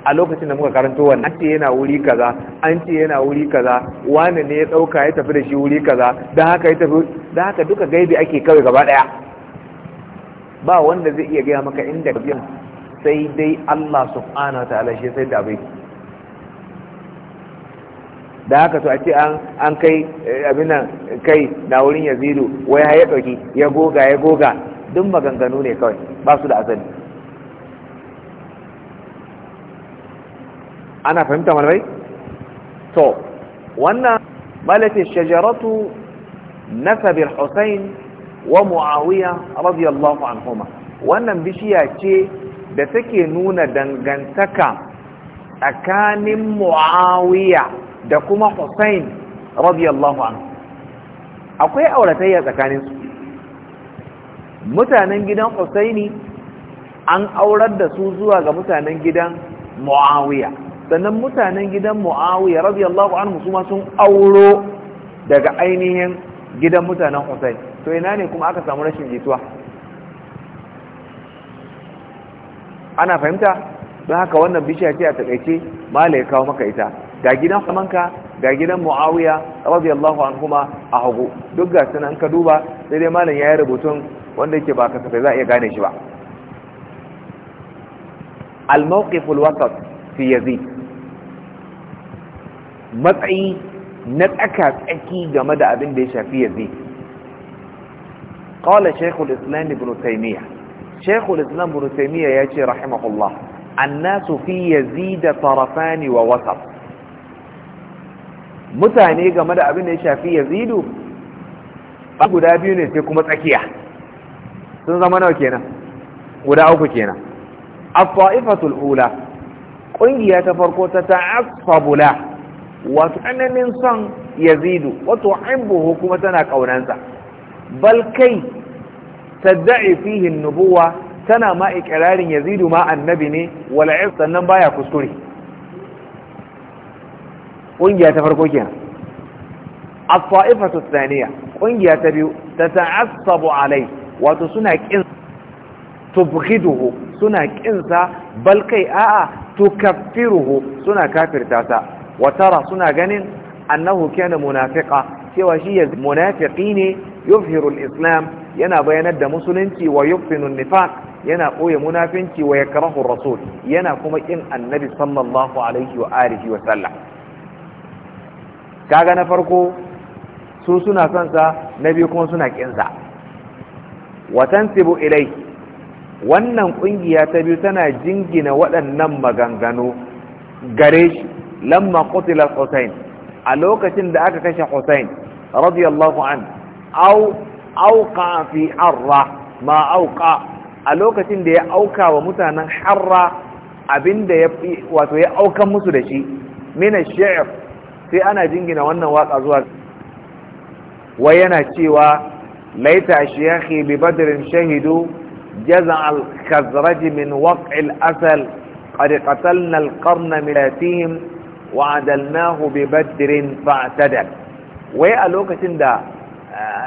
a lokacin da muka karanto wannan an ce yana wuri kaza an ce yana wuri kaza wani ne ya ɗauka ya tafi da shi wuri kaza don haka ya tafi don haka duka gaibi ake kawai gaba ɗaya ba wanda zai iya gaya maka inda biyan sai dai Allah subhanahu wa ta'ala shi sai da abin da haka to a ce an kai eh, abin nan kai na wurin yazidu wai ya ɗauki ya goga ya goga duk maganganu ne kawai ba su da asali ana fahimta malamai to wannan malati shajaratu nasab al-husayn wa muawiya radiyallahu anhuma wannan bishiya ce da take nuna dangantaka tsakanin muawiya da kuma husayn radiyallahu anhu akwai auratayya tsakanin su mutanen gidan husaini an aurar da su zuwa ga mutanen gidan muawiya sannan mutanen gidan muawiya radiyallahu anhu su sun auro daga ainihin gidan mutanen husayn to ina ne kuma aka samu rashin jituwa ana fahimta don haka wannan bishiya ce a takaice mala ya kawo maka ita ga gidan samanka ga gidan muawiya radiyallahu ma a hagu duk ga an ka duba sai dai malam yi rubutun wanda yake ba kasafai za a iya gane shi ba al-mawqif al-wasat fi yazid matsayi na tsaka tsaki game da abin da ya shafi yazid qala shekul islam ibn taymiya shaykh al-islam ibn taymiya yace rahimahullah an fi yazid tarafan wa wasat mutane game da abin da ya shafi yazidu guda biyu ne sai kuma tsakiya sun zama nawa kenan guda uku kenan at-ta'ifatul ula ƙungiya ta farko ta ta'assabu la wato tsananin son yazidu wato hibbuhu kuma tana ƙaunansa. bal tadda'i fihi nubuwa tana ma ikirarin yazidu ma annabi ne wala'ir sannan baya kuskure ƙungiya ta farko kenan as-sa'ifatu thaniya ƙungiya ta biyu tata'assabu alai wato suna kin tubghiduhu suna ƙinsa balkai a'a tukaffiruhu suna kafirta ta. wa suna ganin annahu kana munafiƙa, cewa shi Munafiƙi ne yuzhiru al-islam yana bayanar da musulunci wa yufinu an yana koya munafinci wa rasul yana kuma kin annabi sallallahu alaihi wa alihi wa sallam kaga na farko su suna son na biyu kuma suna kin sa wa tansibu ilai wannan ƙungiya ta biyu tana jingina waɗannan maganganu gare shi lamma qutila Hussein a lokacin da aka kashe Hussein radiyallahu an au auqa fi ma auqa a lokacin da ya auka wa mutanen harra abinda ya wato ya auka musu da shi min ash-shi'r sai ana jingina wannan waka zuwa wai yana cewa laita shiyakhi bi badrin shahidu جزع الخزرج من وقع asal قد قتلنا القرن من آتيهم wa'adalnahu bi badrin fa'tadal wai a lokacin da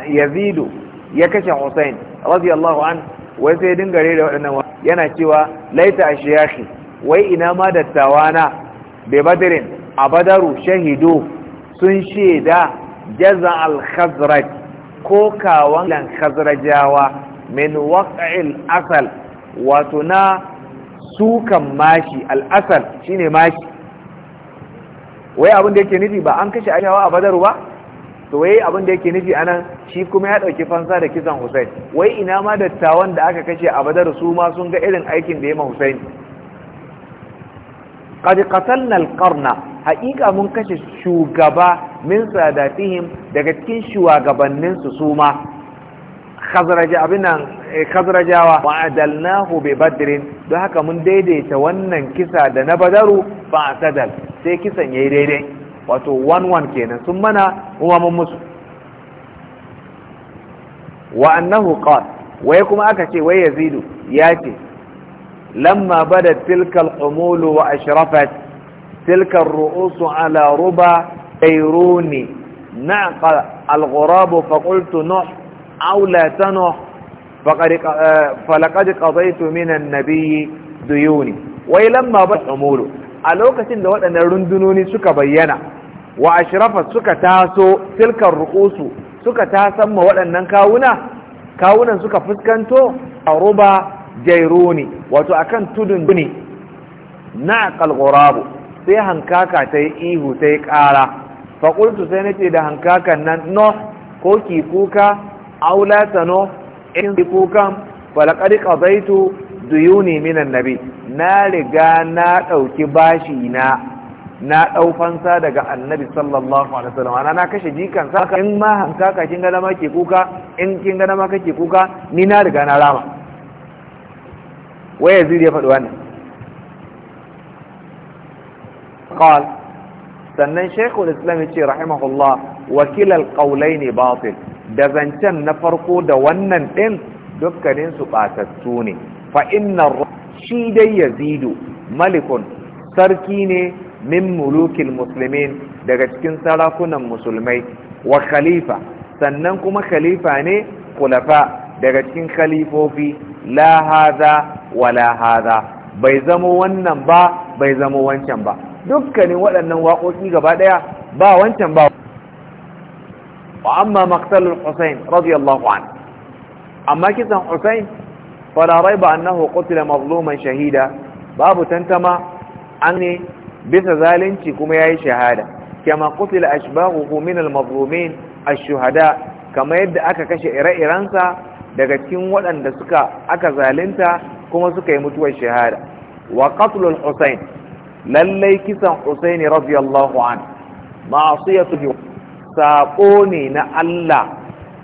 yazidu ya kashe Hussein radiyallahu an wai sai dinga da waɗannan yana cewa laita ashiyashi wai ina ma dattawana bi badrin a badaru shahidu sun shaida jaza al-khazraj ko kawan khazrajawa min waqa'il asal wato na sukan mashi al-asal shine mashi wai abin da yake nufi ba an kashe aishawa a bazaru ba to wai abin da yake nufi anan shi kuma ya dauki fansa da kisan Hussein wai ina ma dattawan da aka kashe a bazaru su ma sun ga irin aikin da ya ma Hussein qad qatalna alqarna haqiqa mun kashe shugaba min sadatihim daga cikin shugabannin su su ma khazraja abinan eh, khazrajawa wa adalnahu bi badrin don haka mun daidaita wannan kisa da na badaru fa sadal sai kisan yayi daidai wato one one kenan sun mana kuma musu wa annahu qal kuma aka ce wai yazidu ya ce lamma badat tilka al wa ashrafat tilka ar-ru'us ala ruba ayruni نعق الغراب فقلت نح أو لا تنح فقد فلقد قضيت من النبي ديوني ولما بس عموله a lokacin da waɗannan rundunoni suka bayyana wa ashrafa suka taso silkar ru'usu suka ma waɗannan kawuna kawunan suka fuskanto a ruba jairuni wato akan tudun ne na kalgurabu sai hankaka ta yi ihu ta yi ƙara faƙultu sai nace da hankakan nan no ko ki kuka aula sano in ki kukan falakari ƙazaitu duyuni minan nabi na riga na ɗauki bashi na na ɗau fansa daga annabi sallallahu alaihi wasallam ana na kashe jikan saka in ma hanka ka kin gana ma ke kuka in kin gana ma kake kuka ni na riga na rama waya zuri ya faɗi wannan qal sannan shaykhul islam yace rahimahullah wakil alqawlain batil da zancen na farko da wannan din dukkanin su batattu ne fa inna shi dai yazidu malikun sarki ne min mulukin musulmin daga cikin sarakunan musulmai wa khalifa sannan kuma khalifa ne kulafa daga cikin khalifofi la wa wala hadha bai zamo wannan ba bai zamo wancan ba dukkanin waɗannan waƙoƙi gaba ɗaya ba wancan ba wa amma maqtalul husayn radiyallahu an amma kisan husayn fala raiba annahu qutila mazluman shahida babu tantama an ne bisa zalunci kuma yayi shahada kama qutila ashbahuhu min a shahada. kama yadda aka kashe ire-irensa daga cikin waɗanda suka aka zalunta kuma sukayi mutuwar shahada wa qatlul husayn lallai kisan husaini radiyallahu an ma'asiyatu sabo ne na Allah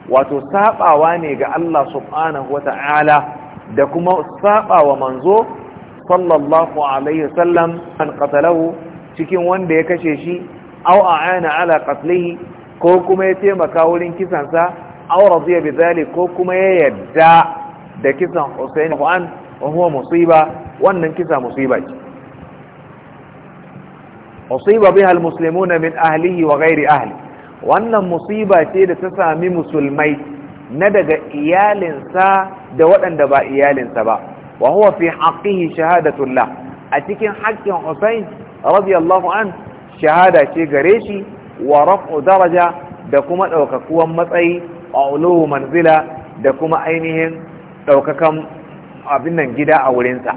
wato sabawa ne ga Allah subhanahu wata'ala da kuma saba wa manzo sallallahu alaihi wasallam an qatalahu cikin wanda ya kashe shi aw aana ala qatlihi ko kuma ya taimaka wurin kisan sa aw radiya bidhalik ko kuma ya yadda da kisan Hussein Juan wa huwa musiba wannan kisa musiba ce usiba biha almuslimuna min ahlihi wa ghairi ahli wannan musiba ce da ta sami musulmai na daga iyalinsa da waɗanda ba iyalinsa ba wa huwa fi haqqihi shahadatullah a cikin haƙƙin Hussein radiyallahu an shahada ce gare shi wa raf'u daraja da kuma ɗaukakuwan matsayi a uluhu manzila da kuma ainihin ɗaukakan abin nan gida a wurinsa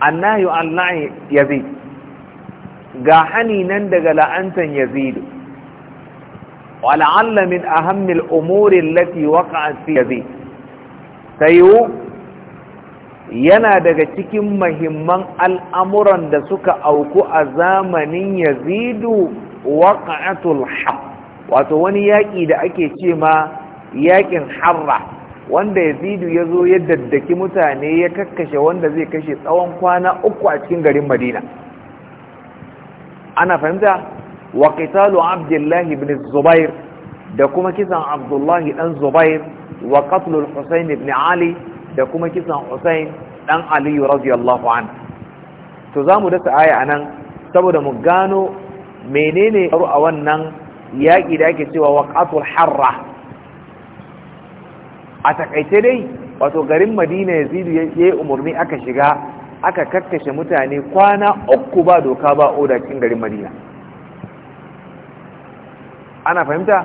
annahu allahi yazid ga hani nan daga la'antan yazidu ولعل من أهم الأمور التي وقعت في ذي تيو yana daga cikin mahimman al'amuran da suka auku a zamanin yazidu waƙa'atul haq wato wani yaƙi da ake ce ma yaƙin harra wanda yazidu ya zo ya daddaki mutane ya kakkashe wanda zai kashe tsawon kwana uku a cikin garin madina ana fahimta wa qitalu abdullahi ibn zubair da kuma kisan abdullahi dan zubair wa qatlul husayn ibn ali da kuma kisan husayn dan ali radiyallahu an to zamu dasa aya anan saboda mu gano menene a wannan yaƙi da ake cewa waqatul harra a takaice dai wato garin madina yazidu ya yi umarni aka shiga aka kakkashe mutane kwana uku ba doka ba oda cikin garin madina ana fahimta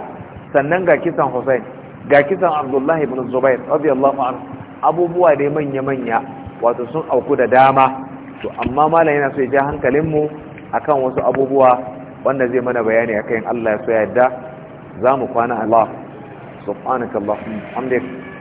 sannan ga kisan Hussein ga kisan Abdullah ibn Zubair radiyallahu anhu abubuwa dai manya-manya wato sun auku da dama to amma malam yana so ya ja hankalin mu akan wasu abubuwa wanda zai mana bayani akan Allah ya so yadda zamu kwana Allah subhanakallahumma hamdika